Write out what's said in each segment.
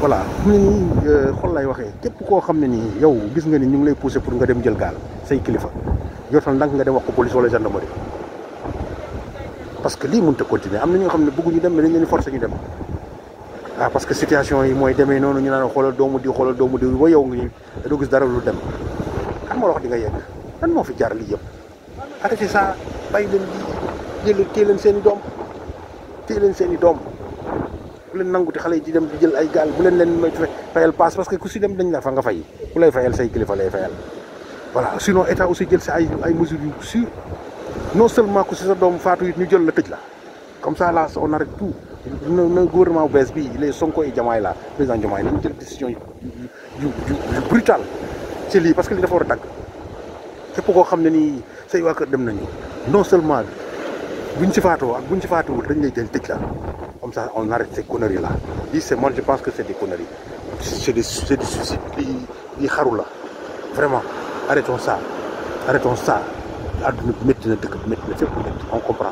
voilà xam ne nii euh, xol lay waxee képp koo xam ne nii yow gis nga ni ñu ngi lay poussé pour nga dem jël gaal say kilifa jotal ndànk nga dem wax ko police wala gendarmerie parce que lii mënut a continuer am na ñoo xam ne bëgguñu dem mais dañ leen forcé ñu dem ah parce que situation yi mooy demee noonu ñu naan xoolal doomu diw xoolal doomu diw ba yow ngi doo gis dara lu dem xam nga wax di nga yegg lan moo fi jaar lii yëpp arrêté ça bay leen lii jël téye leen seen doom téye leen seen doom bu leen nanguti xale yi ci dem di jël ay gaal bu leen leen may fayal paas parce que ku si dem dañ la fa nga fay ku lay fayal say kilifa lay sinon état aussi jël si ay ay yu sûr non seulement ku si sa doom faatu it ñu jël la tëj la comme ça là on arrête tout na gouvernement bu bees bii les Sonko yi Diomaye la président Diomaye nañ jël décision yu yu yu brutal ci lii parce que li dafa war a dagg képp koo xam ne nii say waa kër dem nañu non seulement buñ si faatoo ak buñ si faatuwul dañ lay jël tëj la on arrête ces conneries-là. Moi, je pense que c'est des conneries. C'est du suicide, des haroula. Vraiment, arrêtons ça. Arrêtons ça. On comprend.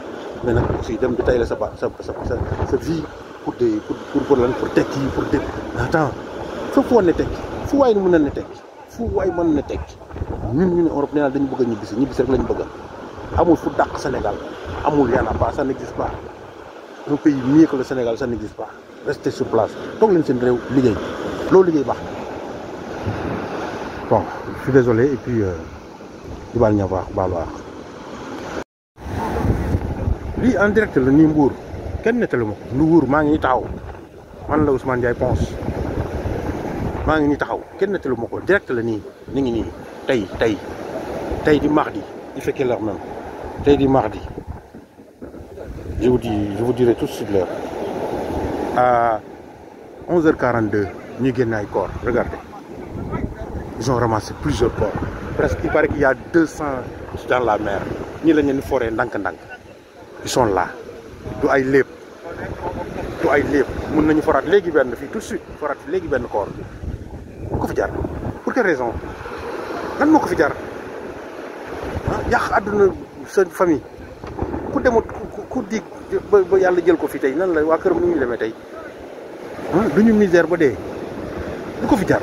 Maintenant, un je va, ça, ça vie pour des. pour pour pour des. pour des. Attends, faut des... ait Nous faut mën na ne tekk Nous waay des... na nous ñu ne dañu ça n'existe pas pays mieux que le Sénégal, ça n'existe pas. Restez sur place. Donc, les L'eau, Bon, je suis désolé, et puis, il va y avoir, il en direct le Nimbour. Mbour le man direct le mardi il fait quelle heure même mardi je vous, dis, je vous dirai tout de suite l'heure. À 11h42, nous un corps. Regardez. Ils ont ramassé plusieurs corps. Presque, il paraît qu'il y a 200 dans la mer. Nous avons une forêt, Ils sont là. Ils sont là. du ay léeb mën nañu foraat léegi benn fii tout de suite foraat fi léegi benn corps bi ko fi jar pour quelle raison lan moo ko fi jar ah yàq àdduna sa famille ku demut ku di ba yàlla jël ko fi tey nan la waa këram nu ñu demee tey du ñu misère ba dee du ko fi jar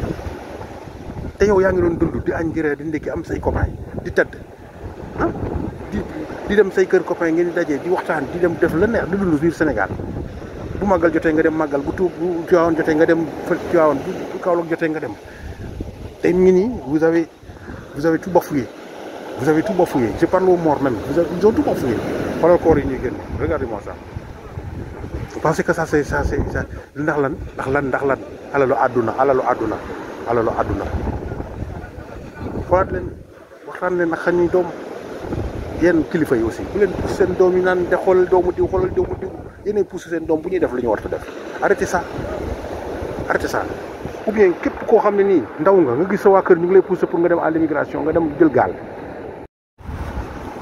te yow yaa ngi doon dund di añ di reer di ndékki am say copain di tëdd ah di dem say kër copain ngeen di daje di waxtaan di dem def la neex di dund biir Sénégal bu màggal jotee nga dem màggal bu tuub bu Tiwaawan jotee nga dem fa Tiwaawan bu Kaolack jotee nga dem tey mu ngi nii vous avez vous avez tout bafouillé Vous avez tout bafouillé. Je parle aux morts même. Vous avez, ils ont tout bafouillé. Voilà le corps Regardez-moi ça. Vous pensez que ça, c'est. ça, c'est ça. Darlan, darlan, darlan. Alalo aduna, alalo aduna, alalo aduna. Xoolaat leen waxtaan leen ak xañ ñuy doom yenn kilifa aussi bu leen pousse seen doom yi naan de xoolal doomu diw xoolal doomu diw yéenay pousse seen doom bu ñuy def lu ñu war def arrêtez ça arrêtez ça. ou bien képp koo xam ni? nii ndaw nga nga gis sa waa kër ñu ngi lay pousse pour nga dem à l'immigration nga dem jël gal.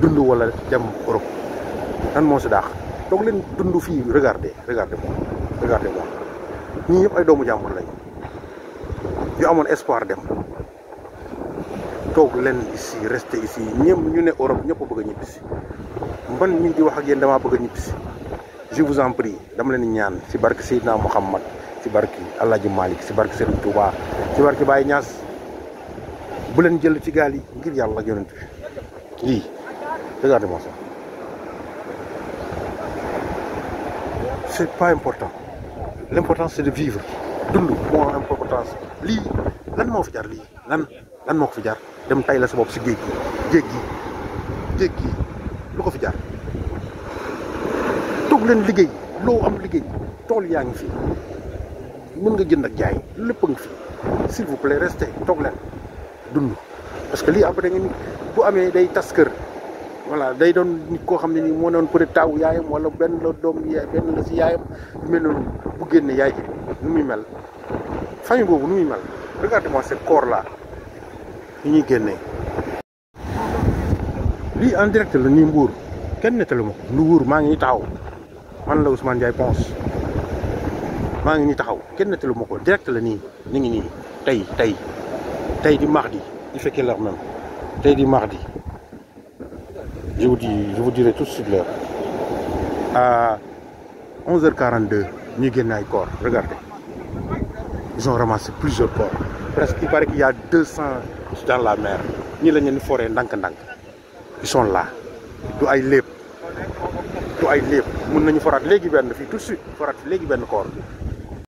dundu wala jam Europe lan mo si daax toog leen regarde, regarde regardez regardez mo regardez mo ñi ñëpp ay doomu jambour lañ yu amone espoir dem tok len ici rester ici ñem ñu né Europe ñepp bëgg a ñibbisi man ñi di wax ak yeen dama bëgg je vous en prie dama len ñaan si barke sayyidna Muhammad si barke El malik ci si barke Serigne Touba si barke Baye ñass bu len jël ci gal yi ngir yalla ak yonent bi Regardez-moi ça. C'est pas important. L'important c'est de vivre. importance lan mo fi jar li? lan lan mo fi jar dem tay la sa je veux dire ko fi jar am fi mën nga jënd ak jaay fi s'il vous plaît restez parce que li après da ngeen bu day voilà day doon nit koo xam ne nii moo doon peut être taawu yaayam wala benn la doom yaay benn la si yaayam mel noonu bu génne yaay ji nu muy mel famille boobu nu muy mel regarde-moi corps là ñu ñuy génnee. lii en direct la nii mbuur kenn nettalu ma ko lu wóor maa ngi taxaw man la Ousmane Ndiaye Ponce maa ngi nii taxaw kenn nettalu ma ko direct la nii ni ngi nii tey tey tey di mardi di fekkee leer même tey di mardi. Je vous, dis, je vous dirai tout de suite l'heure. À 11h42, nous un corps. Regardez. Ils ont ramassé plusieurs corps. Presque, il paraît qu'il y a 200 dans la mer. Nous Ils une forêt, Ils sont là. Ils sont là. Ils sont là. Ils sont là. Ils sont là. Ils sont là. Ils sont là. Ils sont là. Ils sont là.